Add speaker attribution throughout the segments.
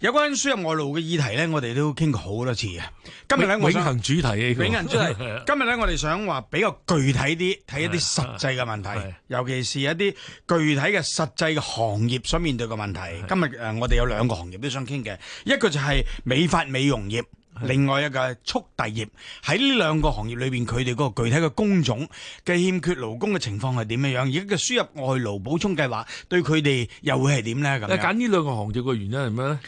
Speaker 1: 有關輸入外勞嘅議題咧，我哋都傾過好多次啊。今日咧，永恆主題、啊、主題，永恆主題。今日咧，我哋想話比較具體啲，睇一啲實際嘅問題， 尤其是一啲具體嘅實際嘅行業所面對嘅問題。 今日誒、呃，我哋有兩個行業都想傾嘅，一個就係美髮美容業。另外一個速遞業。喺呢兩個行業裏邊，佢哋嗰個具體嘅工種嘅欠缺勞工嘅情況係點樣樣？而家嘅輸入外勞補充計劃對佢哋又會係點咧？咁你揀呢兩個行業嘅原因係咩咧？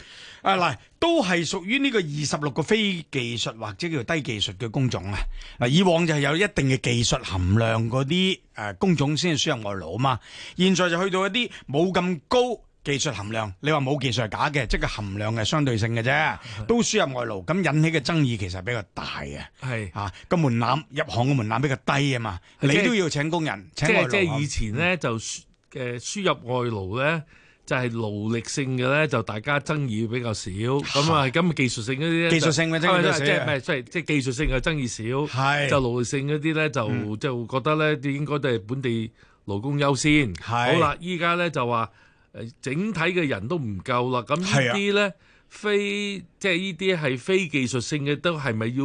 Speaker 1: 啊，嗱，都係屬於呢個二十六個非技術或者叫做低技術嘅工種啊。嗱，以往就係有一定嘅技術含量嗰啲誒，工種先係輸入外勞啊嘛，現在就去到一啲冇咁高。技術含量，你話冇技術係假嘅，即係個含量係相對性嘅啫，都輸入外勞咁引起嘅爭議其實係比較大嘅。係是啊，個門檻入行嘅門檻比較低啊嘛，的你都要請工人，的請即係即係以前咧
Speaker 2: 就誒輸入外勞咧就係、是、勞力性嘅咧就大家爭議比較少。咁的啊，咁技術性嗰啲技術性嘅爭議比較少，即係即係技術性嘅爭議少，的就勞力性嗰啲咧就就覺得咧應該都係本地勞工優先。係的好啦，依家咧就話。誒，整體嘅人都唔夠啦，咁呢啲咧是、啊、非即係呢啲係非技術性嘅，都係咪要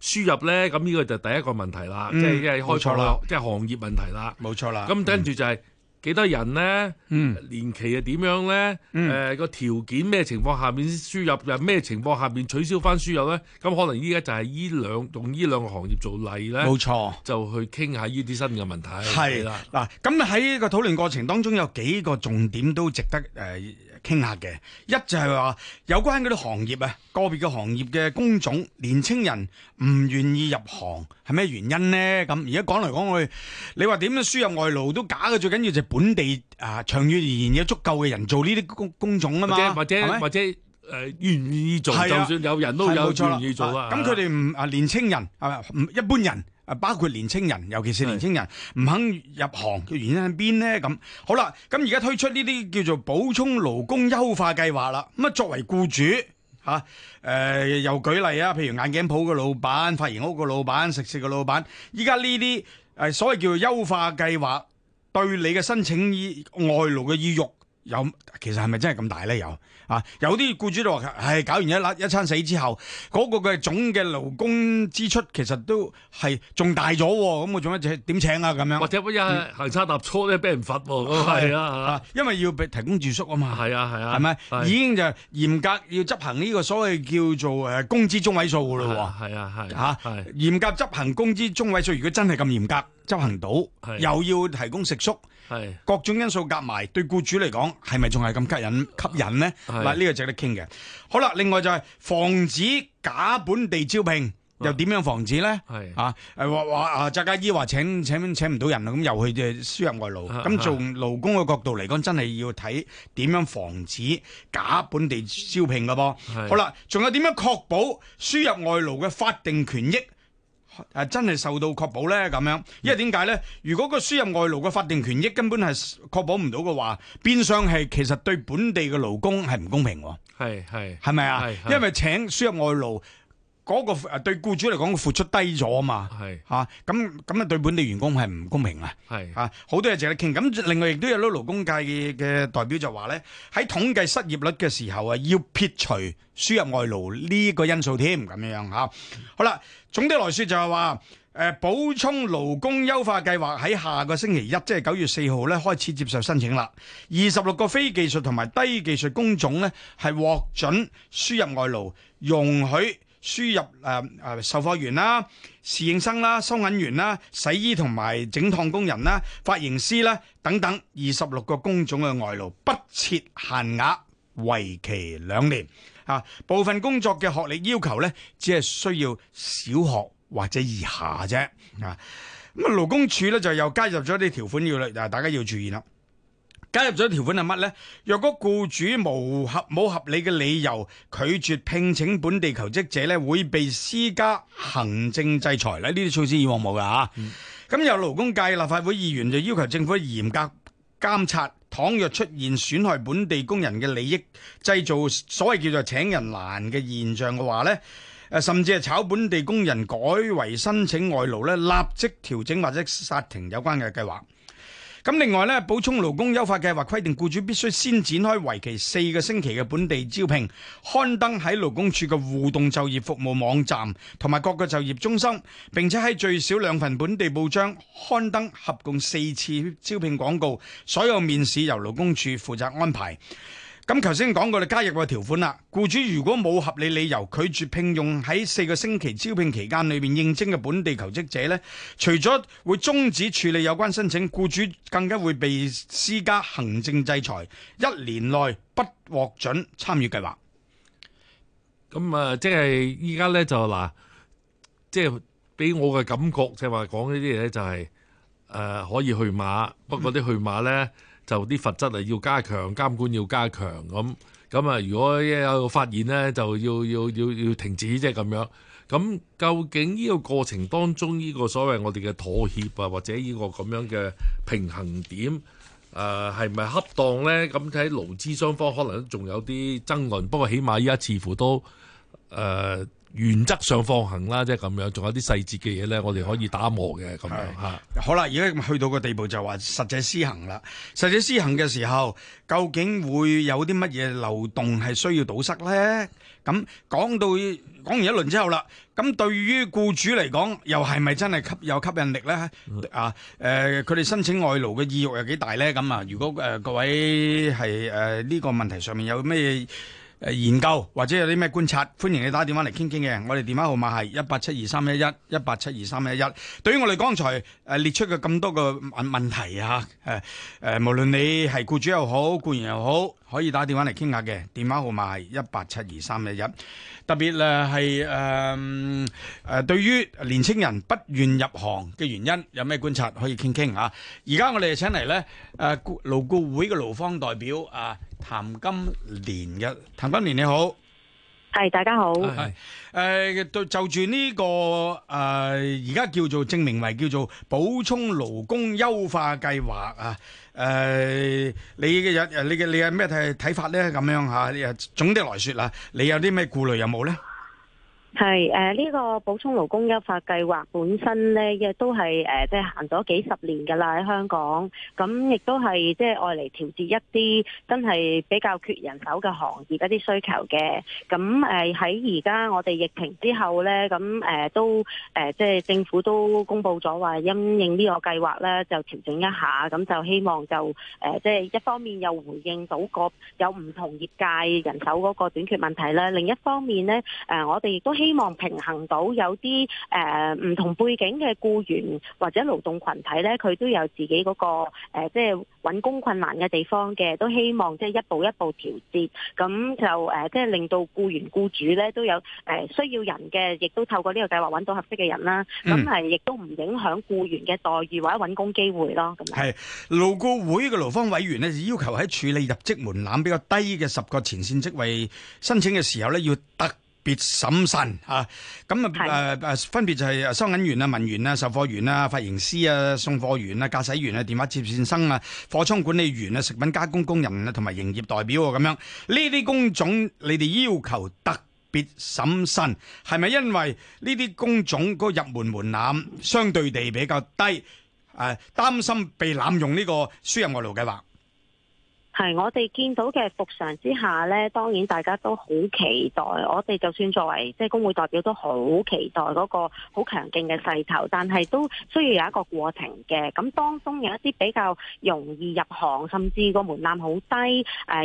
Speaker 2: 輸入咧？咁呢個就第一個問題，嗯、是錯啦，即係因為開錯即係行業問題啦，冇錯啦、就是。咁跟住就係。幾多人呢？嗯、年期係點樣呢？誒個、嗯呃、條件咩情況下面輸入，又咩情況下面取消翻輸入呢？咁可能依家就係依兩用呢兩個行業做例呢。冇錯，就去傾下呢啲新嘅問題。係啦是，
Speaker 1: 嗱，咁喺、啊、呢個討論過程當中有幾個重點都值得誒。呃傾下嘅，一就係話有關嗰啲行業啊，個別嘅行業嘅工種，年青人唔願意入行係咩原因呢？咁而家講嚟講去，你話點樣輸入外勞都假嘅，最緊要就係本地啊、呃、長遠而言有足夠嘅人做呢啲工工種啊嘛或，或者嗎或者。或者誒、
Speaker 2: 呃，願意做、啊、就算有人都有願意做啊！咁佢
Speaker 1: 哋唔啊年青人啊，係咪唔一般人啊，包括年青人，尤其是年青人唔是肯入行嘅原因喺邊呢？咁好啦，咁而家推出呢啲叫做補充勞工優化計劃啦。咁啊，作為僱主嚇，誒、啊呃、又舉例啊，譬如眼鏡鋪嘅老闆、髮型屋嘅老闆、食肆嘅老闆，依家呢啲誒所謂叫做優化計劃，對你嘅申請外勞嘅意欲有，其實係咪真係咁大咧？有？啊！有啲雇主就話，係搞完一一餐死之後，嗰個嘅總嘅勞工支出其實都係仲大咗，咁我仲乜就點請啊？咁樣或者不一行差踏錯咧，俾人罰喎。係啊，因為要俾提供住宿啊嘛。係啊，係啊，係咪已經就嚴格要執行呢個所謂叫做誒工資中位數噶啦？係啊，
Speaker 2: 係吓，
Speaker 1: 嚴格執行工資中位數。如果真係咁嚴格執行到，又要提供食宿。係各種因素夾埋，對僱主嚟講係咪仲係咁吸引吸引咧？嗱呢個值得傾嘅。好啦，另外就係防止假本地招聘，又點樣防止咧？係啊，誒話話啊，扎家依話請請請唔到人啦，咁又去誒輸入外勞。咁從勞工嘅角度嚟講，真係要睇點樣防止假本地招聘噶噃。好啦，仲有點樣確保輸入外勞嘅法定權益？誒真係受到確保呢？咁樣，因為點解呢？如果個輸入外勞嘅法定權益根本係確保唔到嘅話，變相係其實對本地嘅勞工係唔公平喎。係係，係咪啊？係係因為請輸入外勞，嗰個對僱主嚟講付出低咗啊嘛，咁咁是啊，對本地員工係唔公平是啊，好多嘢值得傾。咁另外亦都有勞工界嘅代表就話咧，喺統計失業率嘅時候啊，要撇除輸入外勞呢個因素添，咁樣、啊、好啦，總的來說就係話誒補充勞工優化計劃喺下個星期一，即係九月四號咧開始接受申請啦。二十六個非技術同埋低技術工種咧係獲准輸入外勞，容許。輸入誒誒，售貨員啦、侍應生啦、收銀員啦、洗衣同埋整燙工人啦、髮型師啦等等，二十六個工種嘅外勞不設限額，為期兩年。吓，部分工作嘅學歷要求呢，只係需要小學或者以下啫。啊，咁勞工處咧就又加入咗啲條款要啦，大家要注意啦。加入咗條款係乜呢？若果僱主無合冇合理嘅理由拒絕聘請本地求職者呢，會被施加行政制裁。呢啲措施以往冇噶嚇。咁由勞工界立法會議員就要求政府嚴格監察，倘若出現損害本地工人嘅利益，製造所謂叫做請人難嘅現象嘅話呢，誒甚至係炒本地工人改為申請外勞呢，立即調整或者殺停有關嘅計劃。咁另外咧，補充勞工優化計劃規定，僱主必須先展開為期四個星期嘅本地招聘，刊登喺勞工處嘅互動就業服務網站同埋各個就業中心，並且喺最少兩份本地報章刊登合共四次招聘廣告，所有面試由勞工處負責安排。咁頭先講過你加入個條款啦，僱主如果冇合理理由拒絕聘用喺四個星期招聘期間裏面應徵嘅本地求職者呢，除咗會終止處理有關申請，僱主更加會被施加行政制裁，一年內不獲准參與計劃。
Speaker 2: 咁啊，即係依家呢，就嗱，即係俾我嘅感覺就話講呢啲嘢呢，就係、是、誒、就是就是呃、可以去馬，不過啲去馬呢。嗯就啲罰則啊，要加強監管，要加強咁咁啊！如果一有發現呢，就要要要要停止即係咁樣。咁究竟呢個過程當中，呢個所謂我哋嘅妥協啊，或者呢個咁樣嘅平衡點啊，呃、係咪恰當呢？咁睇勞資雙方可能仲有啲爭論，不過起碼依家似乎都誒。呃原則上放行啦，即係咁樣，仲有啲細節嘅嘢咧，我哋可以打磨嘅咁樣。係，好啦，而家去到個地步就話實際施行啦。
Speaker 1: 實際施行嘅時候，究竟會有啲乜嘢漏洞係需要堵塞咧？咁講到講完一輪之後啦，咁對於僱主嚟講，又係咪真係吸有吸引力咧？啊，誒，佢哋申請外勞嘅意欲有幾大咧？咁啊，如果誒各位係誒呢個問題上面有咩？誒，研究或者有啲咩觀察，歡迎你打電話嚟傾傾嘅。我哋電話號碼係一八七二三一一，一八七二三一一。對於我哋剛才誒列出嘅咁多個問問題啊，誒誒，無論你係僱主又好，僱員又好。可以打電話嚟傾下嘅，電話號碼係一八七二三一一，特別咧係誒、誒，對於年青人不願入行嘅原因，有咩觀察可以傾傾啊？而家我哋請嚟咧誒勞僱會嘅勞方代表啊，譚金蓮嘅，譚金蓮你好，
Speaker 3: 係大家好。
Speaker 1: 係誒，對就住呢個誒而家叫做正名為叫做補充勞工優化計劃啊。誒，你嘅有誒，你嘅你的咩睇睇法咧？咁樣吓，誒總的來說啦，你的，你有啲咩顧慮有冇咧？
Speaker 3: 係誒呢個補充勞工優化計劃本身咧，亦都係誒即係行咗幾十年㗎啦喺香港，咁亦都係即係用嚟調節一啲真係比較缺人手嘅行業一啲需求嘅。咁誒喺而家我哋疫情之後咧，咁誒、呃、都誒即係政府都公布咗話因應呢個計劃啦，就調整一下，咁就希望就誒即係一方面又回應到個有唔同業界人手嗰個短缺問題啦，另一方面咧誒、呃、我哋亦都希希望平衡到有啲誒唔同背景嘅僱員或者勞動群體咧，佢都有自己嗰、那個誒、呃，即係穩工揾工困難嘅地方嘅，都希望即係一步一步調節，咁就誒、呃、即係令到僱員僱主咧都有誒、呃、需要人嘅，亦都透過呢個計劃揾到合適嘅人啦。咁係亦都唔影響僱員嘅待遇或者揾工機會咯。咁係
Speaker 1: 勞僱會嘅勞方委員咧，要求喺處理入職門檻比較低嘅十個前線職位申請嘅時候咧，要特別審慎咁啊是、呃、分別就係收銀員啊、文員啊、售貨員啊、髮型師啊、送貨員啊、駕駛員啊、電話接線生啊、貨倉管理員啊、食品加工工人啊、同埋營業代表咁樣，呢啲工種你哋要求特別審慎，係咪因為呢啲工種個入門門檻相對地比較低？誒、啊，擔心被濫用呢個輸入外勞計劃？
Speaker 3: 係，我哋見到嘅復常之下呢，當然大家都好期待。我哋就算作為即係工會代表，都好期待嗰個好強勁嘅勢頭。但係都需要有一個過程嘅。咁當中有一啲比較容易入行，甚至個門檻好低，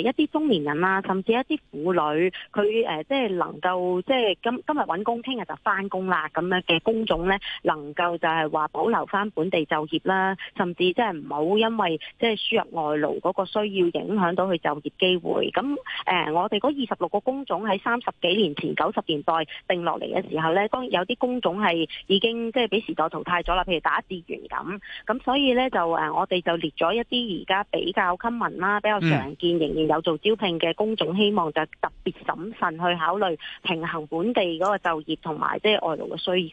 Speaker 3: 一啲中年人啦，甚至一啲婦女，佢即係能夠即係今今日揾工，聽日就翻工啦咁樣嘅工種呢，能夠就係話保留翻本地就業啦，甚至即係唔好因為即係輸入外勞嗰個需要影響到佢就業機會，咁誒，我哋嗰二十六個工種喺三十幾年前九十年代定落嚟嘅時候呢，當然有啲工種係已經即係俾時代淘汰咗啦，譬如打字員咁，咁所以呢就誒，我哋就列咗一啲而家比較 common 啦，比較常見，仍然有做招聘嘅工種，希望就特別審慎去考慮平衡本地嗰個就業同埋即係外勞嘅需要。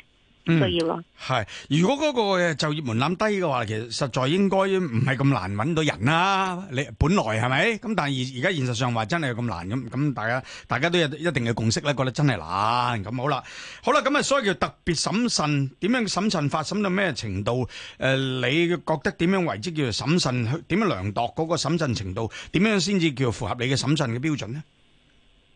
Speaker 4: 需係、
Speaker 1: 嗯、如果嗰個就業門檻低嘅話，其實實在應該唔係咁難揾到人啦、啊。你本來係咪？咁但係而而家現實上話真係咁難咁，咁大家大家都有一定嘅共識咧，覺得真係難。咁好啦，好啦，咁啊，所以叫特別審慎，點樣審慎法？審到咩程度？誒、呃，你覺得點樣為之叫做審慎？點樣量度嗰個審慎程度？點樣先至叫符合你嘅審慎嘅標準呢？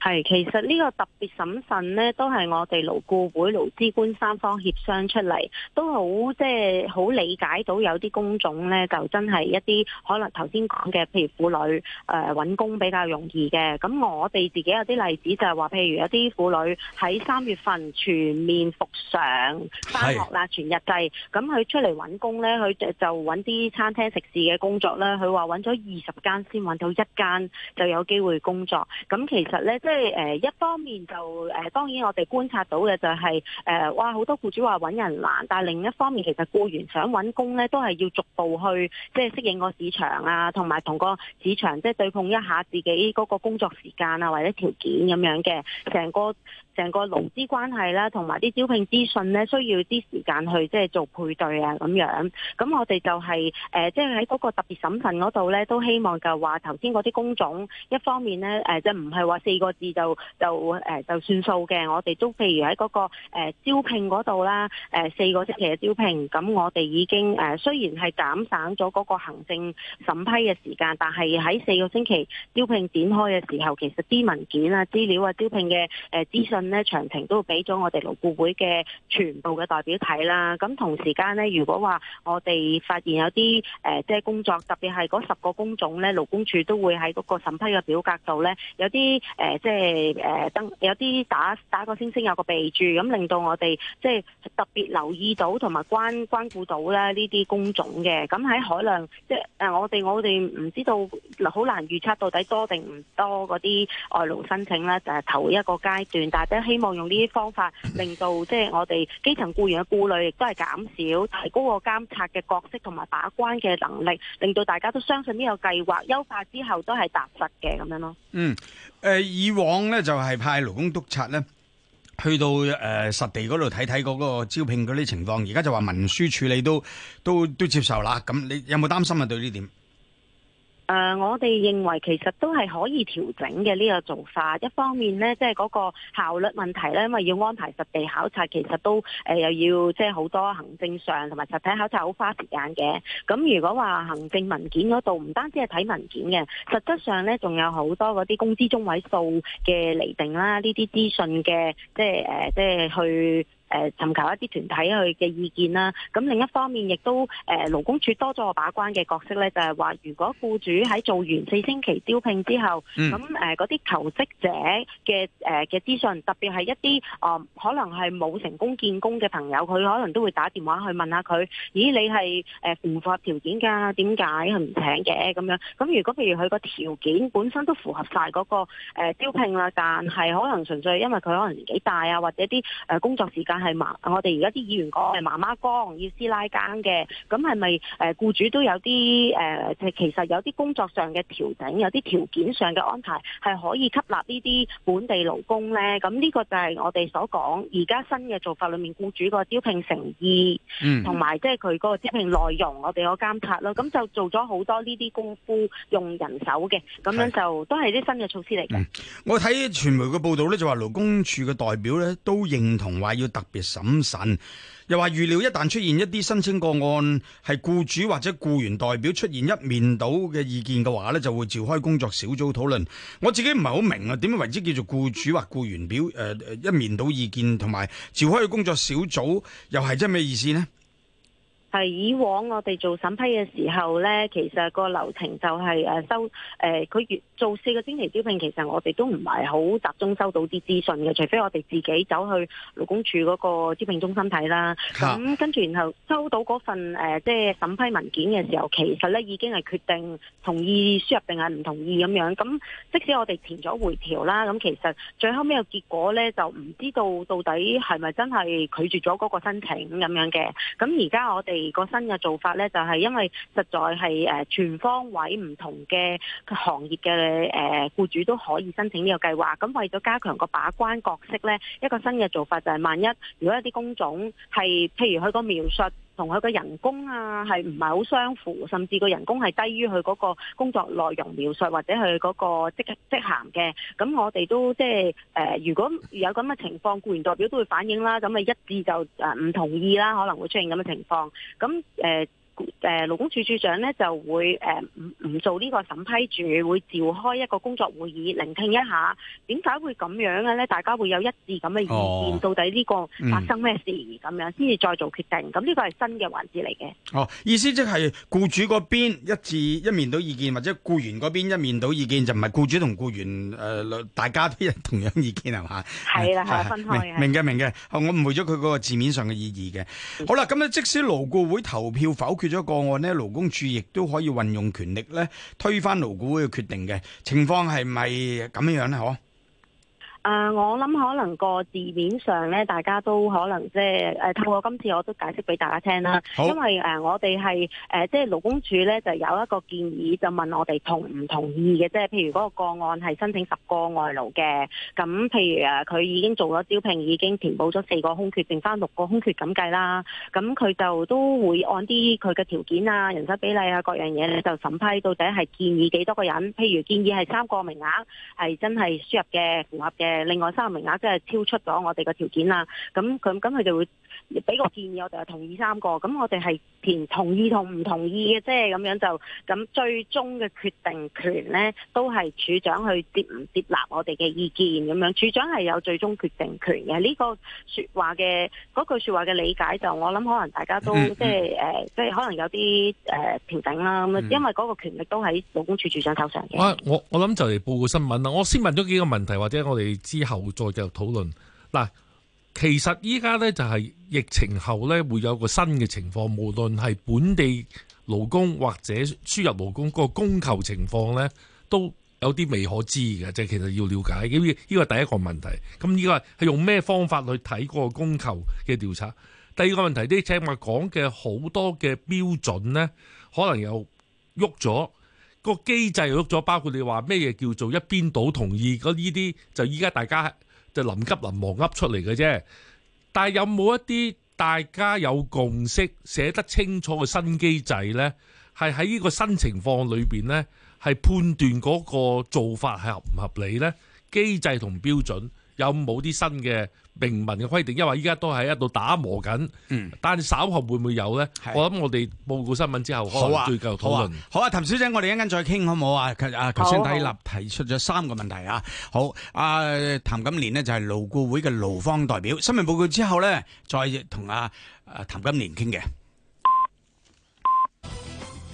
Speaker 3: 係，其實呢個特別審慎呢，都係我哋勞僱會、勞資官三方協商出嚟，都好即係好理解到有啲工種呢，就真係一啲可能頭先講嘅，譬如婦女呃揾工比較容易嘅。咁我哋自己有啲例子就係話，譬如有啲婦女喺三月份全面復常，返學啦，全日制，咁佢出嚟揾工呢，佢就揾啲餐廳食肆嘅工作啦。佢話揾咗二十間先揾到一間就有機會工作。咁其實呢。即即係誒，一方面就誒，當然我哋觀察到嘅就係、是、誒，哇好多僱主話搵人難，但係另一方面其實僱員想搵工咧，都係要逐步去即係適應個市場啊，同埋同個市場即係、就是、對碰一下自己嗰個工作時間啊或者條件咁樣嘅，成個成個勞資關係啦，同埋啲招聘資訊咧，需要啲時間去即係做配對啊咁樣。咁我哋就係誒，即係喺嗰個特別審慎嗰度咧，都希望就話頭先嗰啲工種，一方面咧誒，即係唔係話四個字就就誒就算數嘅。我哋都譬如喺嗰個誒招聘嗰度啦，誒四個星期嘅招聘，咁我哋已經誒雖然係減省咗嗰個行政審批嘅時間，但係喺四個星期招聘展開嘅時候，其實啲文件啊、資料啊、招聘嘅誒資訊。咧長程都俾咗我哋勞顧會嘅全部嘅代表睇啦。咁同時間咧，如果話我哋發現有啲誒、呃，即係工作特別係嗰十個工種咧，勞工處都會喺嗰個審批嘅表格度咧，有啲誒、呃，即係誒登有啲打打個星星，有個備註，咁令到我哋即係特別留意到同埋關關顧到咧呢啲工種嘅。咁喺海量即係誒，我哋我哋唔知道好難預測到底多定唔多嗰啲外勞申請咧，就係、是、頭一個階段，但希望用呢啲方法，令到即係我哋基層僱員嘅顧慮亦都係減少，提高個監察嘅角色同埋把關嘅能力，令到大家都相信呢個計劃優化之後都係踏實嘅咁樣咯。嗯，誒、
Speaker 1: 呃，以往呢就係、是、派勞工督察呢去到誒、呃、實地嗰度睇睇嗰個招聘嗰啲情況，而家就話文書處理都都都接受啦。咁你有冇擔心啊？對呢點？
Speaker 3: 誒、呃，我哋認為其實都係可以調整嘅呢個做法。一方面呢，即係嗰個效率問題呢，因為要安排實地考察，其實都誒、呃、又要即係好多行政上同埋實體考察好花時間嘅。咁如果話行政文件嗰度唔單止係睇文件嘅，實質上呢，仲有好多嗰啲工資中位數嘅厘定啦，呢啲資訊嘅，即係誒、呃，即係去。誒尋求一啲團體佢嘅意見啦，咁另一方面亦都誒勞工處多咗個把關嘅角色咧，就係話如果僱主喺做完四星期招聘之後，咁誒嗰啲求職者嘅誒嘅資訊，特別係一啲啊可能係冇成功見工嘅朋友，佢可能都會打電話去問下佢，咦你係誒唔符合條件㗎？點解係唔請嘅咁樣？咁如果譬如佢個條件本身都符合晒嗰個誒招聘啦，但係可能純粹因為佢可能年紀大啊，或者啲誒工作時間。係我哋而家啲議員講係媽媽光，要師奶間嘅，咁係咪誒僱主都有啲誒、呃，其實有啲工作上嘅調整，有啲條件上嘅安排，係可以吸納呢啲本地勞工咧。咁呢個就係我哋所講而家新嘅做法裏面，僱主個招聘誠意，
Speaker 4: 同埋
Speaker 3: 即係佢嗰個招聘內容，我哋嗰監察咯。咁就做咗好多呢啲功夫，用人手嘅，咁樣就都係啲新嘅措施嚟嘅、嗯。
Speaker 1: 我睇傳媒嘅報道咧，就話勞工處嘅代表咧都認同話要特別審慎，又話預料一旦出現一啲申請個案，係僱主或者僱員代表出現一面倒嘅意見嘅話呢就會召開工作小組討論。我自己唔係好明啊，點樣為之叫做僱主或僱員表誒、呃、一面倒意見，同埋召開工作小組又係即係咩意思呢？
Speaker 3: 係以往我哋做審批嘅時候呢，其實個流程就係收誒，佢、呃、越做四個星期招聘，其實我哋都唔係好集中收到啲資訊嘅，除非我哋自己走去勞工處嗰個招聘中心睇啦。咁跟住然後收到嗰份、呃、即係審批文件嘅時候，其實呢已經係決定同意輸入定係唔同意咁樣。咁即使我哋填咗回條啦，咁其實最後尾嘅結果呢，就唔知道到底係咪真係拒絕咗嗰個申請咁樣嘅。咁而家我哋而個新嘅做法呢，就係因為實在係誒全方位唔同嘅行業嘅誒僱主都可以申請呢個計劃。咁為咗加強個把關角色呢，一個新嘅做法就係萬一如果一啲工種係譬如佢個描述。同佢嘅人工啊，係唔係好相符？甚至個人工係低於佢嗰個工作內容描述或者佢嗰個職職銜嘅。咁我哋都即係誒、呃，如果有咁嘅情況，僱員代表都會反映啦。咁咪一致就誒唔、呃、同意啦，可能會出現咁嘅情況。咁誒。呃誒，勞工處處長咧，就會誒唔唔做呢個審批住，會召開一個工作會議，聆聽一下點解會咁樣嘅。咧，大家會有一致咁嘅意見，哦、到底呢個發生咩事咁樣，先至、嗯、再做決定。咁呢個係新嘅環節嚟嘅。
Speaker 1: 哦，意思即係僱主嗰邊一致一面到意見，或者僱員嗰邊一面到意見，就唔係僱主同僱員誒、呃，大家啲人同樣意見係嘛？係啦的的，分開。明嘅，明嘅。我誤會咗佢嗰個字面上嘅意義嘅。的好啦，咁啊，即使勞僱會投票否決。缺咗個案咧，勞工處亦都可以運用權力咧，推翻勞工會嘅決定嘅情況，係咪咁樣？咧？嗬？
Speaker 4: 啊，
Speaker 3: 我諗可能個字面上咧，大家都可能即係誒，透過今次我都解釋俾大家聽啦。因為誒，我哋係誒，即係勞工處咧，就有一個建議，就問我哋同唔同意嘅即係。譬如嗰個個案係申請十個外勞嘅，咁譬如誒，佢已經做咗招聘，已經填補咗四個空缺，剩翻六個空缺咁計啦。咁佢就都會按啲佢嘅條件啊、人手比例啊各樣嘢咧，就審批到底係建議幾多個人？譬如建議係三個名額，係真係輸入嘅符合嘅。誒，另外三個名額即係超出咗我哋嘅條件啦，咁咁咁佢就會俾個建議，我就係同意三個，咁我哋係填同意同唔同意嘅，即係咁樣就咁最終嘅決定權咧，都係處長去接唔接納我哋嘅意見咁樣，處長係有最終決定權嘅。呢、這個説話嘅嗰句説話嘅理解就我諗，可能大家都、嗯、即係誒、呃，即係可能有啲誒平等啦，咁、呃嗯、因為嗰個權力都喺勞工處處長手上嘅。我我
Speaker 2: 我諗就嚟報新聞啦，我先問咗幾個問題或者我哋。之後再繼續討論嗱，其實依家呢，就係疫情後呢會有個新嘅情況，無論係本地勞工或者輸入勞工，個供求情況呢，都有啲未可知嘅，即係其實要了解。咁依個第一個問題，咁依個係用咩方法去睇個供求嘅調查？第二個問題，啱啱講嘅好多嘅標準呢，可能又喐咗。個機制喐咗，包括你話咩嘢叫做一邊倒同意，嗰啲就依家大家就臨急臨忙噏出嚟嘅啫。但係有冇一啲大家有共識、寫得清楚嘅新機制呢？係喺呢個新情況裏面呢，係判斷嗰個做法係合唔合理呢？機制同標準。有冇啲新嘅明文嘅規定？因為依家都喺一度打磨緊，嗯、但稍後會唔會有咧？是我諗我哋報告新聞之後可好會繼續討論好，啊。好啊，譚小姐，我哋一陣再傾好
Speaker 1: 唔好啊？啊，頭先睇立提出咗三個問題啊。好，好，好，啊，譚金蓮呢就係勞顧會嘅勞方代表。新聞報告之後咧，再同啊，阿、啊、譚金蓮傾嘅。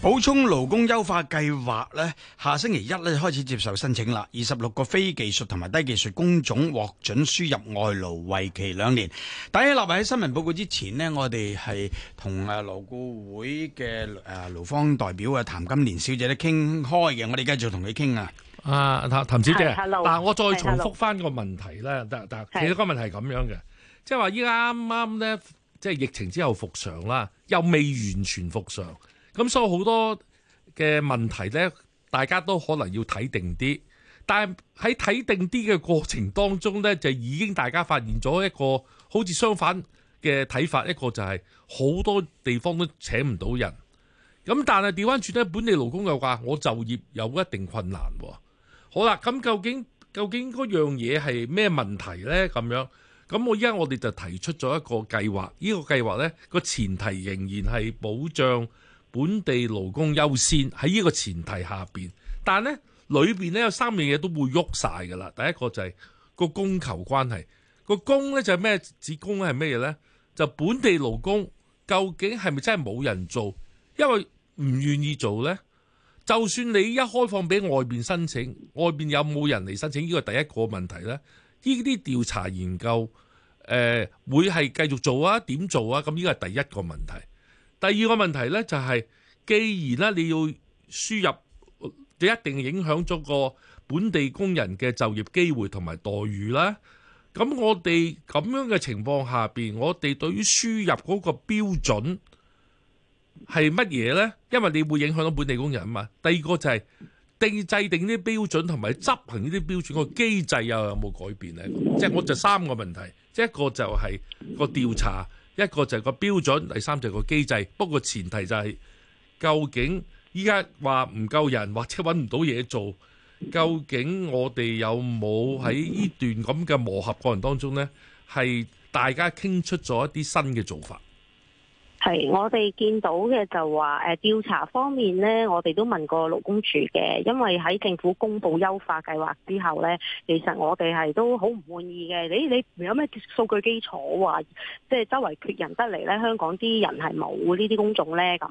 Speaker 1: 補充勞工優化計劃咧，下星期一咧開始接受申請啦。二十六個非技術同埋低技術工種獲准輸入外勞，為期兩年。喺立喺新聞報告之前呢，我哋係同誒勞僱會嘅誒勞方代表啊譚金蓮小姐咧傾開嘅。
Speaker 2: 我哋繼續同你傾啊，啊譚譚小姐。但、啊、我再重複翻個問題咧，但但 Hello. 其實個問題係咁樣嘅，即係話依家啱啱咧，即係疫情之後復常啦，又未完全復常。咁所以好多嘅問題呢，大家都可能要睇定啲，但係喺睇定啲嘅過程當中呢，就已經大家發現咗一個好似相反嘅睇法，一個就係好多地方都請唔到人。咁但係調翻轉呢，本地勞工又話我就業有一定困難。好啦，咁究竟究竟嗰樣嘢係咩問題呢？咁樣咁我依家我哋就提出咗一個計劃，呢個計劃呢，個前提仍然係保障本地勞工，優先喺呢個前提下邊，但係咧裏邊咧有三樣嘢都會喐晒㗎啦。第一個就係個供求關係，個供咧就係咩？指供係咩嘢咧？就本地勞工究竟係咪真係冇人做？因為唔願意做咧，就算你一開放俾外邊申請，外邊有冇人嚟申請？呢個第一個問題咧，呢啲調查研究誒、呃、會係繼續做啊？點做啊？咁呢個係第一個問題。第二個問題呢，就係、是，既然咧你要輸入，就一定影響咗個本地工人嘅就業機會同埋待遇啦。咁我哋咁樣嘅情況下邊，我哋對於輸入嗰個標準係乜嘢呢？因為你會影響到本地工人啊嘛。第二個就係、是、定制定啲標準同埋執行呢啲標準個機制又有冇改變呢？即係我就是、三個問題，即一個就係個調查。一個就係個標準，第三就係個機制。不過前提就係、是、究竟依家話唔夠人或者揾唔到嘢做，究竟我哋有冇喺呢段咁嘅磨合過程當中咧，係大家傾出咗一啲新嘅做法？
Speaker 3: 係，我哋見到嘅就話，誒調查方面呢，我哋都問過勞工處嘅，因為喺政府公布優化計劃之後呢，其實我哋係都好唔滿意嘅。你你有咩數據基礎話、啊，即係周圍缺人得嚟呢，香港啲人係冇呢啲工種呢。咁，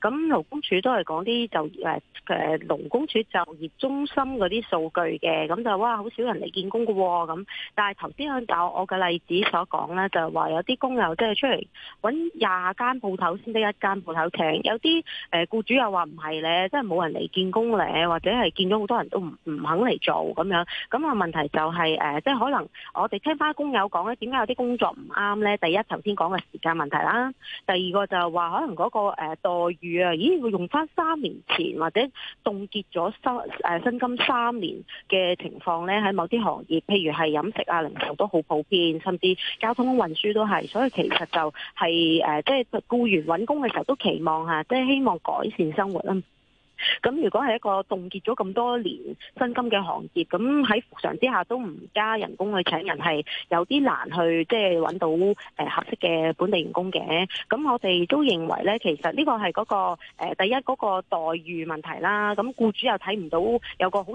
Speaker 3: 咁勞工處都係講啲就誒誒勞工處就業中心嗰啲數據嘅，咁就哇好少人嚟見工㗎喎咁。但係頭先講我嘅例子所講呢，就話、係、有啲工友即係出嚟揾廿間鋪頭先得一間鋪頭請，有啲誒僱主又話唔係咧，即係冇人嚟見工咧，或者係見咗好多人都唔唔肯嚟做咁樣。咁啊問題就係誒，即係可能我哋聽翻工友講咧，點解有啲工作唔啱咧？第一頭先講嘅時間問題啦，第二個就係話可能嗰個待遇啊，咦，會用翻三年前或者凍結咗三誒薪金三年嘅情況咧，喺某啲行業，譬如係飲食啊零售都好普遍，甚至交通運輸都係。所以其實就係誒，即係。僱員搵工嘅時候都期望吓，即係希望改善生活啦。咁如果係一個凍結咗咁多年薪金嘅行業，咁喺復常之下都唔加人工去請人，係有啲難去即係揾到合適嘅本地員工嘅。咁我哋都認為咧，其實呢個係嗰、嗰個、呃、第一嗰、嗰個待遇問題啦。咁僱主又睇唔到有個好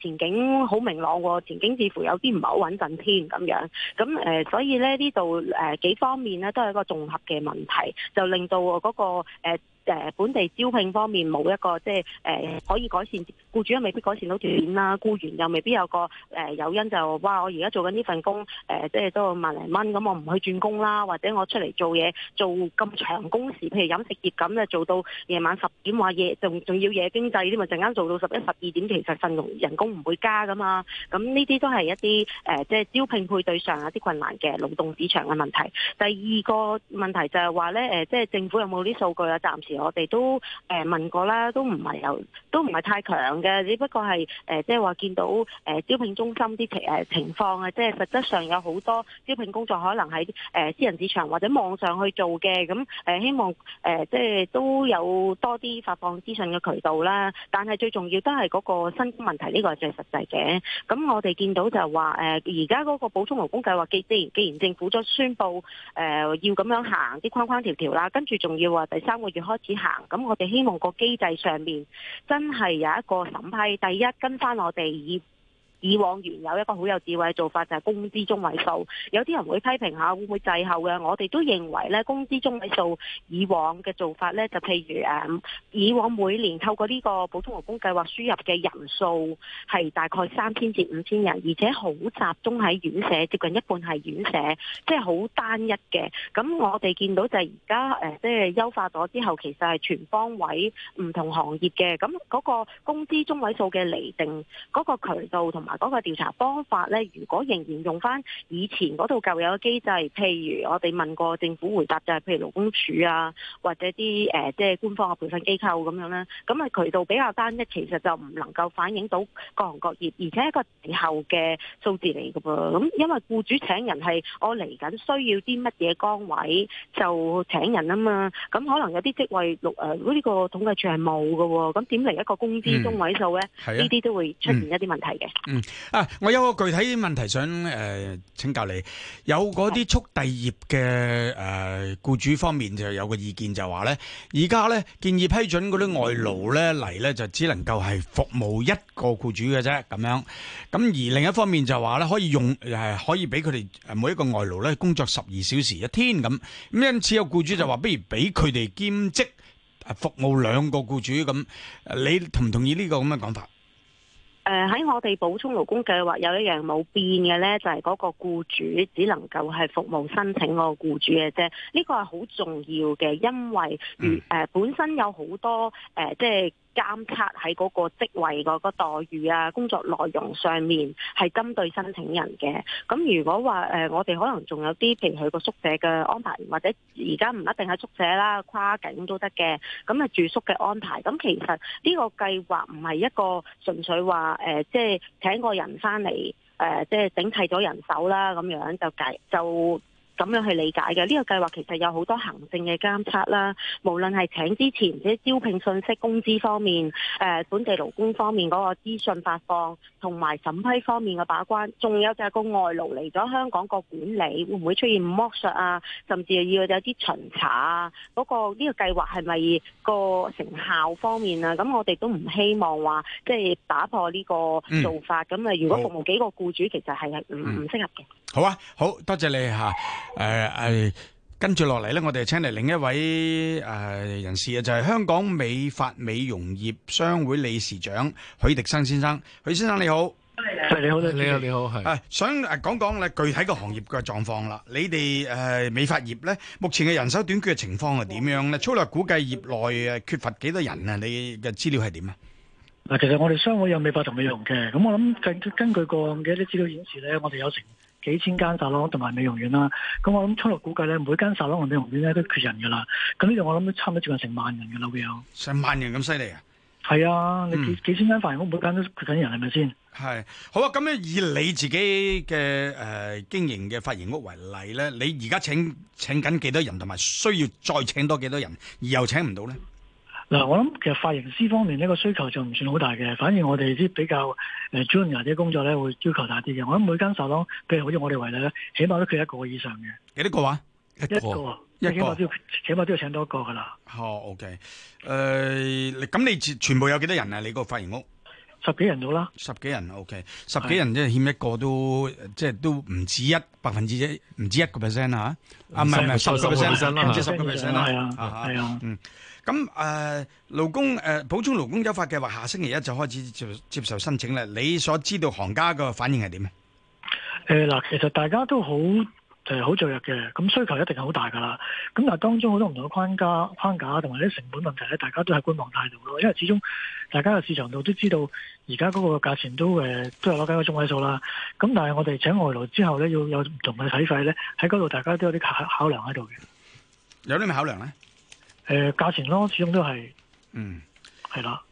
Speaker 3: 前景好明朗喎，前景似乎有啲唔係好穩陣添咁樣。咁、呃、所以咧呢度誒、呃、幾方面咧都係一個綜合嘅問題，就令到嗰、嗰個、呃誒本地招聘方面冇一個即係誒可以改善，僱主又未必改善到條件啦，僱員又未必有個誒誘、呃、因就哇！我而家做緊呢份工誒，即、呃、係、就是、都萬零蚊咁，我唔去轉工啦，或者我出嚟做嘢做咁長工時，譬如飲食業咁啊，做到晚夜晚十點話，夜仲仲要夜經濟，添嘛陣間做到十一、十二點，其實份人工唔會加噶嘛。咁呢啲都係一啲誒即係招聘配對上一啲困難嘅勞動市場嘅問題。第二個問題就係話，咧即係政府有冇啲數據啊？暫時我哋都誒問過啦，都唔係有，都唔係太強嘅，只不過係誒、呃、即係話見到誒、呃、招聘中心啲其情況，啊，即係實質上有好多招聘工作可能喺誒、呃、私人市場或者網上去做嘅，咁、嗯、誒、呃、希望誒、呃、即係都有多啲發放資訊嘅渠道啦。但係最重要都係嗰個薪金問題，呢、這個是最實際嘅。咁、嗯、我哋見到就話誒而家嗰個補充勞工計劃既既然既然政府都宣佈誒、呃、要咁樣行啲框框條條啦，跟住仲要話第三個月開始，只行，咁我哋希望個機制上面真係有一個審批，第一，跟翻我哋以以往原有一個好有智慧嘅做法就係工資中位數，有啲人會批評一下會唔會滯後嘅，我哋都認為呢工資中位數以往嘅做法呢，就譬如以往每年透過呢個普通勞工計劃輸入嘅人數係大概三千至五千人，而且好集中喺院舍，接近一半係院舍，即係好單一嘅。咁我哋見到就係而家誒，即係優化咗之後，其實係全方位唔同行業嘅。咁嗰個工資中位數嘅釐定嗰個渠道同埋，嗰個調查方法咧，如果仍然用翻以前嗰套舊有嘅機制，譬如我哋問過政府回答，就係、是、譬如勞工處啊，或者啲即係官方嘅培訓機構咁樣啦，咁、嗯、啊渠道比較單一，其實就唔能夠反映到各行各業，而且一個時候嘅數字嚟嘅噃，咁、嗯、因為僱主請人係我嚟緊需要啲乜嘢崗位就請人啊嘛，咁可能有啲職位，如果呢個統計處係冇嘅，咁點嚟一個工資中位數咧？呢啲都會出現一啲問題嘅。
Speaker 1: 啊！我有個具體問題想誒、呃、請教你，有嗰啲速遞業嘅誒僱主方面就有個意見就話咧，而家咧建議批准嗰啲外勞咧嚟，咧就只能夠係服務一個僱主嘅啫咁樣。咁而另一方面就話咧，可以用誒、呃、可以俾佢哋每一個外勞咧工作十二小時一天咁。咁因此有僱主就話，不如俾佢哋兼職服務兩個僱主咁。你同唔同意呢個咁嘅講法？
Speaker 3: 誒喺、呃、我哋補充勞工計劃有一樣冇變嘅呢，就係、是、嗰個僱主只能夠係服務申請個僱主嘅啫，呢、這個係好重要嘅，因為如、呃、本身有好多誒、呃、即係。監察喺嗰個職位嗰個待遇啊，工作內容上面係針對申請人嘅。咁如果話誒、呃，我哋可能仲有啲，譬如佢個宿舍嘅安排，或者而家唔一定係宿舍啦，跨境都得嘅。咁啊，住宿嘅安排，咁其實呢個計劃唔係一個純粹話誒，即、呃、係、就是、請個人翻嚟誒，即、呃、係、就是、整替咗人手啦，咁樣就解就。咁樣去理解嘅呢、這個計劃其實有好多行政嘅監測啦，無論係請之前啲招聘信息、工資方面、誒、呃、本地勞工方面嗰個資訊發放，同埋審批方面嘅把關，仲有就係個外勞嚟咗香港個管理會唔會出現剝削啊？甚至要有啲巡查啊？嗰、那個呢個計劃係咪個成效方面啊？咁我哋都唔希望話即係打破呢個做法咁啊！嗯、如果服務幾個僱主，嗯、其實係唔唔適合嘅。
Speaker 1: 好啊，好多謝你嚇、啊。誒誒、呃呃，跟住落嚟咧，我哋請嚟另一位誒、呃、人士啊，就係、是、香港美髮美容業商會理事長許迪生先生。許先生你好，你
Speaker 4: 好，你好，你好、呃呃，你好，
Speaker 1: 係、呃。想誒講講咧具體個行業嘅狀況啦。你哋誒美髮業咧，目前嘅人手短缺嘅情況係點樣咧？粗略估計業內誒缺乏幾多人啊？你嘅資料係點啊？
Speaker 4: 嗱，其實我哋商會有美髮同美容嘅，咁我諗根據個案嘅一啲資料顯示咧，我哋有成。幾千間沙朗同埋美容院啦，咁我諗初步估計咧，每間沙朗同美容院咧都缺人噶啦，咁呢度我諗都差唔多接近成萬人噶啦，會有成萬人咁犀利啊？係啊，你幾、嗯、幾千間髮型屋，每間都缺緊人，係咪先？
Speaker 1: 係，好啊，咁咧以你自己嘅誒、呃、經營嘅髮型屋為例咧，你而家請請緊幾多人，同埋需要再請多幾多人，
Speaker 4: 而又請唔到咧？嗱，我諗其實髮型師方面呢個需求就唔算好大嘅，反而我哋啲比較誒 junior 啲工作咧會要求大啲嘅。我諗每間壽堂，譬如好似我哋為例咧，起碼都缺一個以上嘅。
Speaker 1: 幾多個啊？一個，一個，
Speaker 4: 一個起碼都要起碼都要請多一個噶啦。
Speaker 1: 哦、oh, OK，誒、呃，咁你全部有幾多人啊？你個髮型屋？十幾人到啦、okay，十幾人 OK，十幾人即係欠一個都，是即係都唔止一百分之，一唔止一個 percent 嚇，啊唔係唔係十個 percent，唔止十個 percent 啦，係啊，係啊，嗯，咁誒、啊呃、勞工誒、呃、補充勞工優化計劃下星期一就開始接接受申請咧，你所知道行家嘅反應係點
Speaker 4: 咧？誒嗱、呃，其實大家都好。就係好脆弱嘅，咁需求一定係好大噶啦。咁但係當中好多唔同嘅框架、框架同埋啲成本問題咧，大家都係觀望態度咯。因為始終大家喺市場度都知道，而家嗰個價錢都誒都係攞緊個中位數啦。咁但係我哋請外勞之後咧，要有唔同嘅使費咧，喺嗰度大家都有啲考考量喺度嘅。
Speaker 1: 有啲咩考量
Speaker 4: 咧？誒、呃、價錢咯，始終都係嗯係啦。是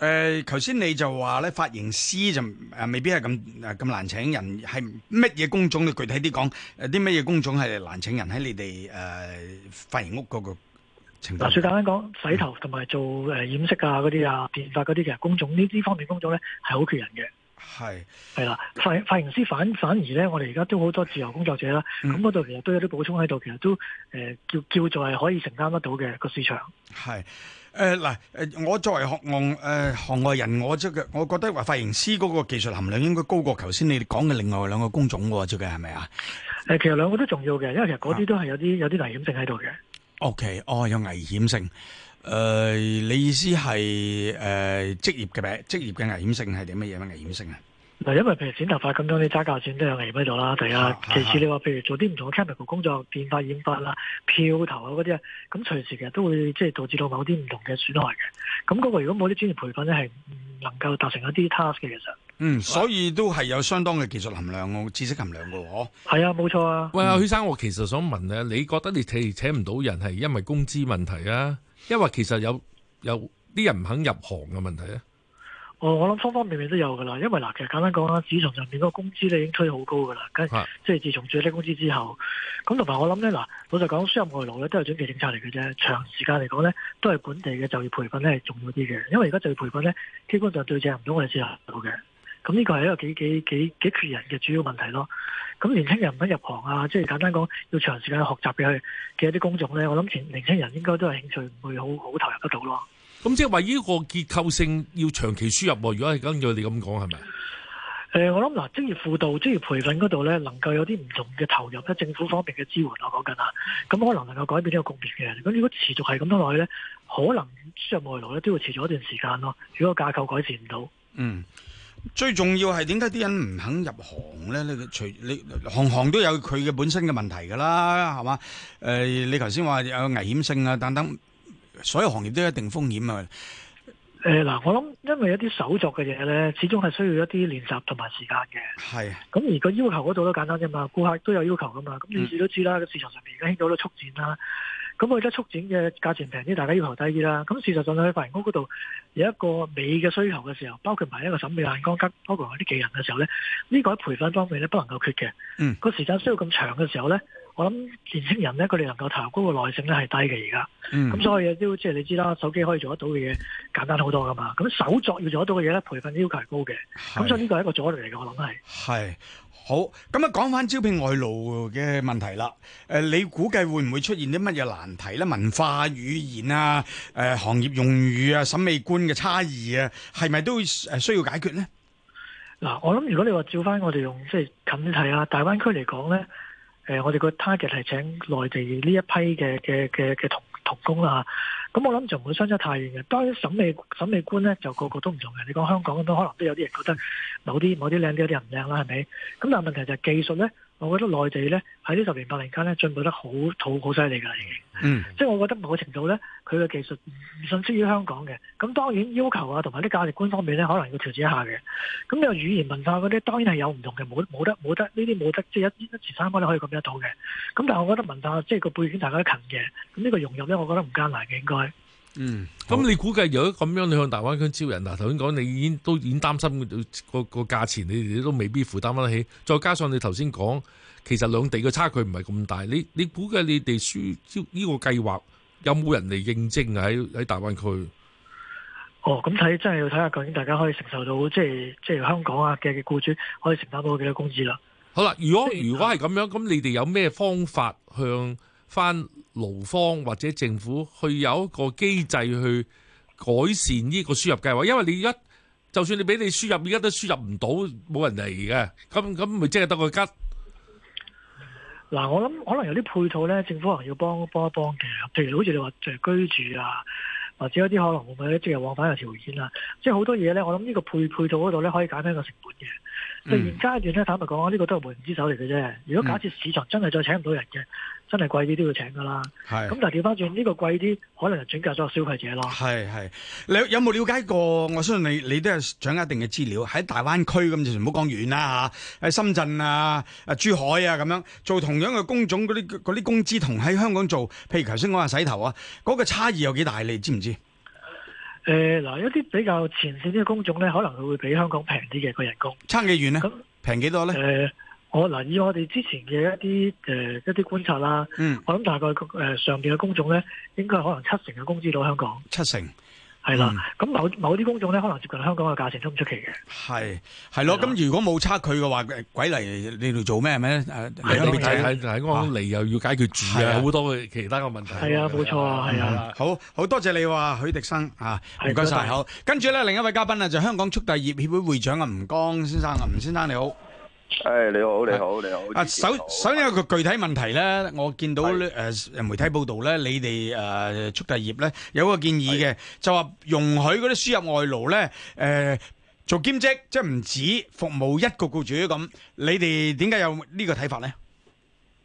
Speaker 1: 誒，頭先、呃、你就話咧髮型師就誒，未必係咁誒咁難請人，係乜嘢工種？你具體啲講誒，啲乜嘢工種係難請人喺你哋誒、呃、髮型屋嗰個情況？
Speaker 4: 嗱、啊，最簡單講，洗頭同埋做誒染色啊嗰啲啊，電髮嗰啲嘅工種呢？呢方面工種咧係好缺人嘅。係係是啦，髮髮型師反反而咧，我哋而家都好多自由工作者啦，咁嗰度其實都有啲補充喺度，其實都誒、呃、叫叫做係可以承擔得到嘅個市場。
Speaker 1: 係。誒，嗱、呃，誒，我作為學誒，行、呃、外人，我即嘅，我覺得話髮型師嗰個技術含量應該高過頭先你哋講嘅另外兩個工種喎，最近係咪啊？
Speaker 4: 誒、呃，其實兩個都重要嘅，因為其實嗰啲都係有啲、啊、有啲危險性喺度嘅。
Speaker 1: OK，哦，有危險性。誒、呃，你意思係誒職業嘅職業嘅危險性係點乜嘢咩危險性啊？
Speaker 4: 嗱，因為譬如剪頭髮咁多啲揸價錢都有危險喺度啦，第一。其次你話譬如做啲唔同嘅 chemical 工作，電髮染髮啦、漂頭啊嗰啲啊，咁隨時其實都會即係導致到某啲唔同嘅損害嘅。咁嗰個如果冇啲專業培訓咧，係唔能夠達成一啲 task 嘅其實。嗯，
Speaker 2: 所以都係有相當嘅技術含量，知識含量嘅喎，係啊，
Speaker 4: 冇錯啊。喂，阿許
Speaker 2: 生，我其實想問咧，你覺得你請請唔到人係因為工資問題啊？因為其實有有啲人唔肯入行嘅問題啊？
Speaker 4: 哦，我諗方方面面都有噶啦，因為嗱，其實簡單講啦，自從上面嗰個工資咧已經推好高噶啦，梗即係自從最低工資之後，咁同埋我諗咧嗱，老實講輸入外勞咧都係短期政策嚟嘅啫，長時間嚟講咧都係本地嘅就業培訓咧係重要啲嘅，因為而家就業培訓咧基本就對正唔到我哋市場度嘅，咁呢個係一個幾幾幾幾缺人嘅主要問題咯。咁年輕人唔肯入行啊，即係簡單講要長時間去學習嘅去嘅一啲工種咧，我諗年年輕人應該都係興趣唔會好好投入得到咯。
Speaker 2: 咁即係話呢個結構性要長期輸入，啊，如果係跟住你咁講，係咪？
Speaker 4: 誒、呃，我諗嗱，職業輔導、職業培訓嗰度咧，能夠有啲唔同嘅投入咧，政府方面嘅支援，我講緊啊，咁可能能夠改變呢個局面嘅。咁如果持續係咁多落去咧，可能輸入外勞咧都會持續一段時間咯。如果個架構改善唔到，嗯，最重要係點解啲人唔肯入行
Speaker 1: 咧？你隨你行行都有佢嘅本身嘅問題噶啦，係嘛？誒、呃，你頭先話有危險性啊，等等。所有行業都有一定風險
Speaker 4: 啊！誒，嗱，我諗因為一啲手作嘅嘢咧，始終係需要一啲練習同埋時間嘅。係，咁而那個要求嗰度都簡單啫嘛，顧客都有要求噶嘛，咁、嗯、你事都知啦，市場上面而家興咗好多速展啦，咁我而家速展嘅價錢平啲，大家要求低啲啦。咁事實上咧，髮型屋嗰度有一個美嘅需求嘅時候，包括埋一個審美眼光，加包括埋啲技能嘅時候咧，呢、這個喺培訓方面咧不能夠缺嘅。嗯。個時間需要咁長嘅時候咧。我諗年輕人咧，佢哋能夠投入嗰個耐性咧係低嘅，而家、嗯，咁所以都即係你知啦，手機可以做得到嘅嘢，簡單好多噶嘛。咁手作要做得到嘅嘢咧，培訓要求係高嘅，咁是所以呢個係一個阻力嚟嘅，我諗係。
Speaker 1: 係好，咁啊，講翻招聘外勞嘅問題啦。誒、呃，你估計會唔會出現啲乜嘢難題咧？文化、語言啊，誒、呃，行業用語啊，審美觀嘅差異啊，係咪都誒需要解
Speaker 4: 決咧？嗱，我諗如果你話照翻我哋用即係近睇啊，大灣區嚟講咧。呃、我哋個 target 係請內地呢一批嘅嘅嘅嘅同同工啦、吓、咁我諗就唔會相差太遠嘅。當然審美，審美觀咧，就個個都唔同嘅。你講香港都可能都有啲人覺得某啲某啲靚啲，有啲人唔靚啦，係咪？咁但係問題就係技術咧。我覺得內地呢，喺呢十年八年間呢，進步得好好好犀利㗎，已經。嗯。即係我覺得某程度呢，佢嘅技術唔遜色於香港嘅。咁當然要求啊，同埋啲價值觀方面呢，可能要調整一下嘅。咁呢個語言文化嗰啲，當然係有唔同嘅，冇冇得冇得呢啲冇得，即係一一時三刻都可以咁樣到嘅。咁但係我覺得文化即係個背景大家都近嘅，咁呢個融入呢，我覺得唔艱難嘅應該。嗯，
Speaker 2: 咁你估計如果咁樣你向大灣區招人嗱，頭先講你已經都已經擔心個個價錢，你哋都未必負擔得起。再加上你頭先講，其實兩地嘅差距唔係咁大，你你估計你哋輸招呢個計劃有冇人嚟應徵喺喺大灣區？
Speaker 4: 哦，咁睇真係要睇下究竟大家可以承受到，即係即係香港啊嘅僱主可以承擔到幾多工資啦。好啦，如果、嗯、如果係咁樣，
Speaker 2: 咁你哋有咩方法向翻？勞方或者政府去有一個機制，去改善呢個輸入計劃，因為你而家就算你俾你輸入而家都輸入唔到，冇人嚟嘅，咁咁咪即係得個吉？
Speaker 4: 嗱，我諗可能有啲配套咧，政府可能要幫幫一幫嘅，譬如好似你話住居住啊，或者有啲可能會唔會即係往返嘅條件啊，即係好多嘢咧。我諗呢個配配套嗰度咧可以減低個成本嘅。
Speaker 3: 嗯、現階
Speaker 4: 段咧坦白講，呢、這個都係門面之手嚟嘅啫。如果假設市場真係再請唔到人嘅。真係貴啲都要請㗎啦，咁但係調返轉呢個貴啲，可能就轉嫁咗消費者咯。
Speaker 1: 係係，你有冇瞭解過？我相信你你都係掌握一定嘅資料。喺大灣區咁就唔好講遠啦吓，喺深圳啊、啊珠海啊咁樣做同樣嘅工種，嗰啲嗰啲工資同喺香港做，譬如頭先講嘅洗頭啊，嗰個差異有幾大？你知唔知？
Speaker 4: 誒嗱，一啲比較前線啲嘅工種咧，可能佢會比香港平啲嘅個人工，差幾遠咧？
Speaker 1: 平幾多咧？
Speaker 4: 我嗱，以我哋之前嘅一啲誒一啲觀察啦，我諗大概誒上邊嘅工種咧，應該可能七成嘅工資到香港，七成，係啦。咁某某啲工種咧，可能接近香港嘅價錢，出唔出奇
Speaker 1: 嘅？係係咯。咁如果冇差距嘅話，鬼嚟你度做咩？咩咧？嚟香港
Speaker 2: 嚟又要解決住啊，好
Speaker 1: 多嘅其他嘅問題。係啊，冇錯啊，係啊。好，好多謝你喎許迪生啊，唔該晒。好，跟住咧，另一位嘉賓啊，就香港速遞業協會會長啊，吳江先生啊，吳先生你好。
Speaker 5: 係，你好，
Speaker 1: 你好，你好。啊，首首先有一個具體問題咧，我見到誒媒體報道咧，你哋誒速遞業咧有個建議嘅，就話容許嗰啲輸入外勞咧誒做兼職，即係唔止服務一個僱主咁。你哋點解有呢個睇法咧？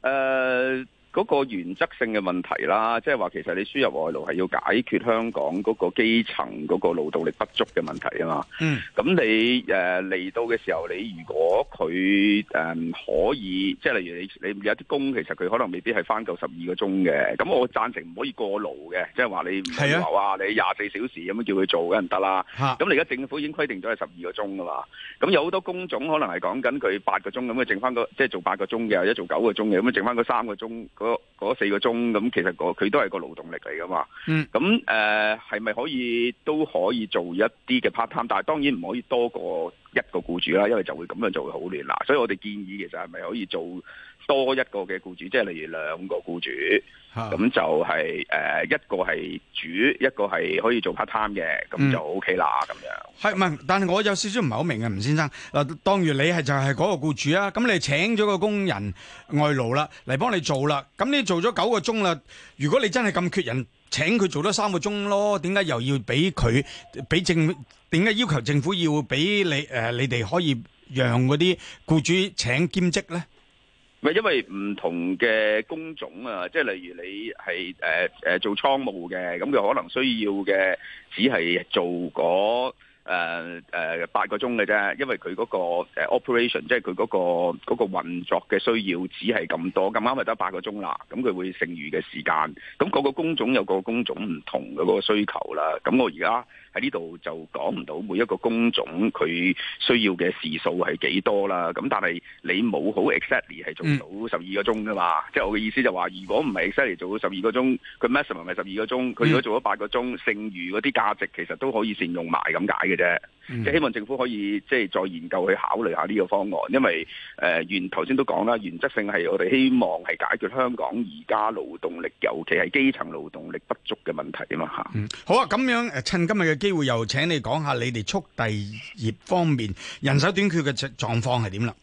Speaker 5: 誒。嗰個原則性嘅問題啦，即係話其實你輸入外勞係要解決香港嗰個基層嗰個勞動力不足嘅問題啊嘛。咁、嗯、你誒嚟、呃、到嘅時候，你如果佢誒、呃、可以，即係例如你你有啲工，其實佢可能未必係翻夠十二個鐘嘅。咁我贊成唔可以過勞嘅，即係話你唔係話你廿四小時咁樣叫佢做梗係唔得啦。咁你而家政府已經規定咗係十二個鐘㗎嘛？咁有好多工種可能係講緊佢八個鐘咁，佢剩翻、就是、個即係做八個鐘嘅，或者做九個鐘嘅，咁樣剩翻個三個鐘。嗰四個鐘咁，其實個佢都係個勞動力嚟噶嘛。咁誒、嗯，係咪、呃、可以都可以做一啲嘅 part time？但係當然唔可以多過一個僱主啦，因為就會咁樣就會好亂啦。所以我哋建議，其實係咪可以做多一個嘅僱主，即係例如兩個僱主。咁就係誒一個係主，一個係可以做 part time 嘅，咁就 OK 啦咁樣。
Speaker 1: 係唔係？但係我有少少唔係好明呀，吳先生嗱，當月你係就係嗰個僱主啊，咁你請咗個工人外勞啦嚟幫你做啦，咁你做咗九個鐘啦。如果你真係咁缺人，請佢做多三個鐘咯。點解又要俾佢俾政？點解要求政府要俾你誒？你哋可以讓嗰啲僱主請兼職咧？
Speaker 5: 咪因為唔同嘅工種啊，即係例如你係誒誒做倉務嘅，咁佢可能需要嘅只係做嗰誒誒、呃呃、八個鐘嘅啫，因為佢嗰個 operation，即係佢嗰個嗰、那個、運作嘅需要，只係咁多，咁啱咪得八個鐘啦。咁佢會剩餘嘅時間，咁、那、嗰個工種有個工種唔同嘅嗰個需求啦。咁我而家喺呢度就講唔到每一個工種佢需要嘅時數係幾多啦。咁但係你冇好 exactly 係做到十二個鐘噶嘛？即係我嘅意思就話、是，如果唔係 exactly 做到十二個鐘，佢 maximum 係十二個鐘，佢如果做咗八個鐘，剩餘嗰啲價值其實都可以善用埋咁解嘅。即係、嗯、希望政府可以即係再研究去考慮下呢個方案，因為誒原頭先都講啦，原則性係我哋希望係解決香港而家勞動力，尤其係基層勞動力不足嘅問題啊嘛嚇。
Speaker 1: 好啊，咁樣誒，趁今日嘅機會又請你講下你哋速遞業方面人手短缺嘅狀況係點啦？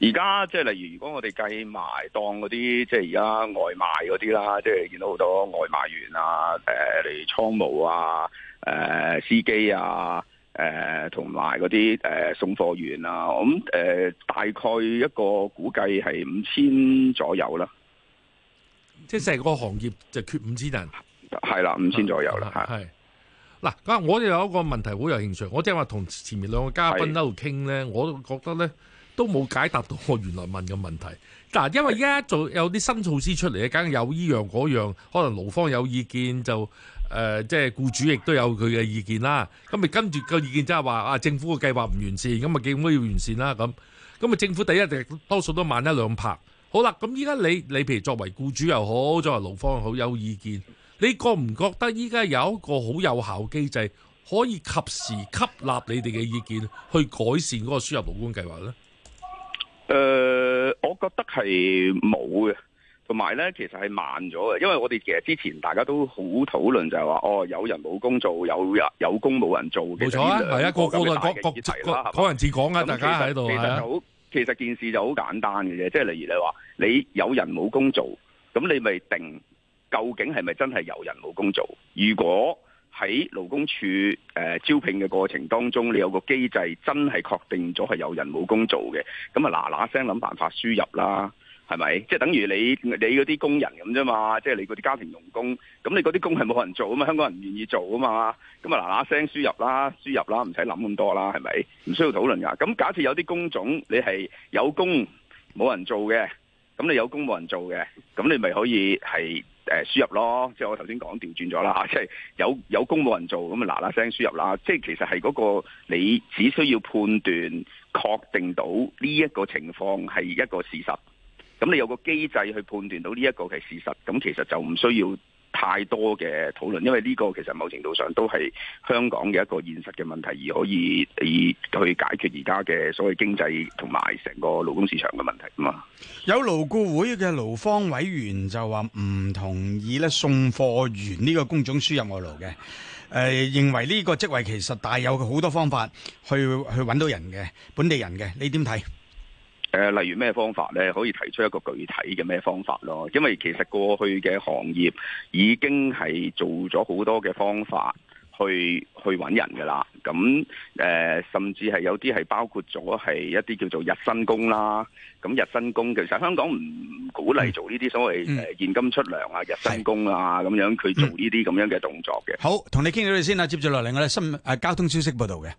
Speaker 5: 而家即係例如，如果我哋計埋當嗰啲即係而家外賣嗰啲啦，即係見到好多外賣員啊、呃，例如倉務啊，誒、呃、司機啊。誒，同埋嗰啲誒送貨員啊，咁誒、呃、大概一個估計係五千左右啦。
Speaker 2: 即係成個行業就缺五千人，係啦、嗯，五千左右啦，係。嗱、啊、咁、啊、我哋有一個問題好有興趣，我即係話同前面兩個嘉賓喺度傾咧，的我都覺得咧都冇解答到我原來問嘅問題。嗱，因為依家做有啲新措施出嚟咧，梗係有呢樣嗰樣，可能勞方有意見就誒，即係僱主亦都有佢嘅意見啦。咁咪跟住個意見即係話啊，政府嘅計劃唔完善，咁咪幾咁都要完善啦。咁咁啊，政府第一就多數都慢一兩拍。好啦，咁依家你你譬如作為僱主又好，作為勞方又好，有意見，你覺唔覺得依家有一個好有效機制，可以及時吸納你哋嘅意見，去改善嗰個輸入勞工計劃呢？
Speaker 5: 誒、嗯，我覺得係冇嘅，同埋咧，其實係慢咗嘅，因為我哋其實之前大家都好討論就係話，哦，有人冇工做，有人有工冇人做，冇錯啊，係啊，個個都各各各各各人
Speaker 2: 自講啊，大家喺度，其實好，
Speaker 5: 其實件事就好簡單嘅嘢，即係例如你話，你有人冇工做，咁你咪定究竟係咪真係有人冇工做？如果喺勞工處誒、呃、招聘嘅過程當中，你有個機制真係確定咗係有人冇工做嘅，咁啊嗱嗱聲諗辦法輸入啦，係咪？即係等於你你嗰啲工人咁啫嘛，即係你嗰啲家庭傭工，咁你嗰啲工係冇人做啊嘛，香港人唔願意做啊嘛，咁啊嗱嗱聲輸入啦，輸入啦，唔使諗咁多啦，係咪？唔需要討論噶。咁假設有啲工種你係有工冇人做嘅，咁你有工冇人做嘅，咁你咪可以係。誒輸入咯，即係我頭先講調轉咗啦，即係有有工冇人做，咁啊嗱嗱聲輸入啦，即係其實係嗰個你只需要判斷確定到呢一個情況係一個事實，咁你有個機制去判斷到呢一個係事實，咁其實就唔需要太多嘅討論，因為呢個其實某程度上都係香港嘅一個現實嘅問題，而可以以去解決而家嘅所謂經濟同埋成個勞工市場嘅問題嘛。
Speaker 1: 有勞僱會嘅勞方委員就話唔同意咧，送貨員呢個工種輸入外勞嘅，誒、呃、認為呢個職位其實大有好多方法去去揾到人嘅本地人嘅，你點睇？
Speaker 5: 誒，例如咩方法咧？可以提出一個具體嘅咩方法咯？因為其實過去嘅行業已經係做咗好多嘅方法去去揾人噶啦。咁誒、呃，甚至係有啲係包括咗係一啲叫做日薪工啦。咁日薪工其實香港唔鼓勵做呢啲所謂誒現金出糧、嗯、啊、日薪工啊咁樣佢做呢啲咁樣嘅動作嘅、嗯。
Speaker 1: 好，同你傾到呢先啦，接住落嚟我哋新誒、啊、交通消息報道嘅。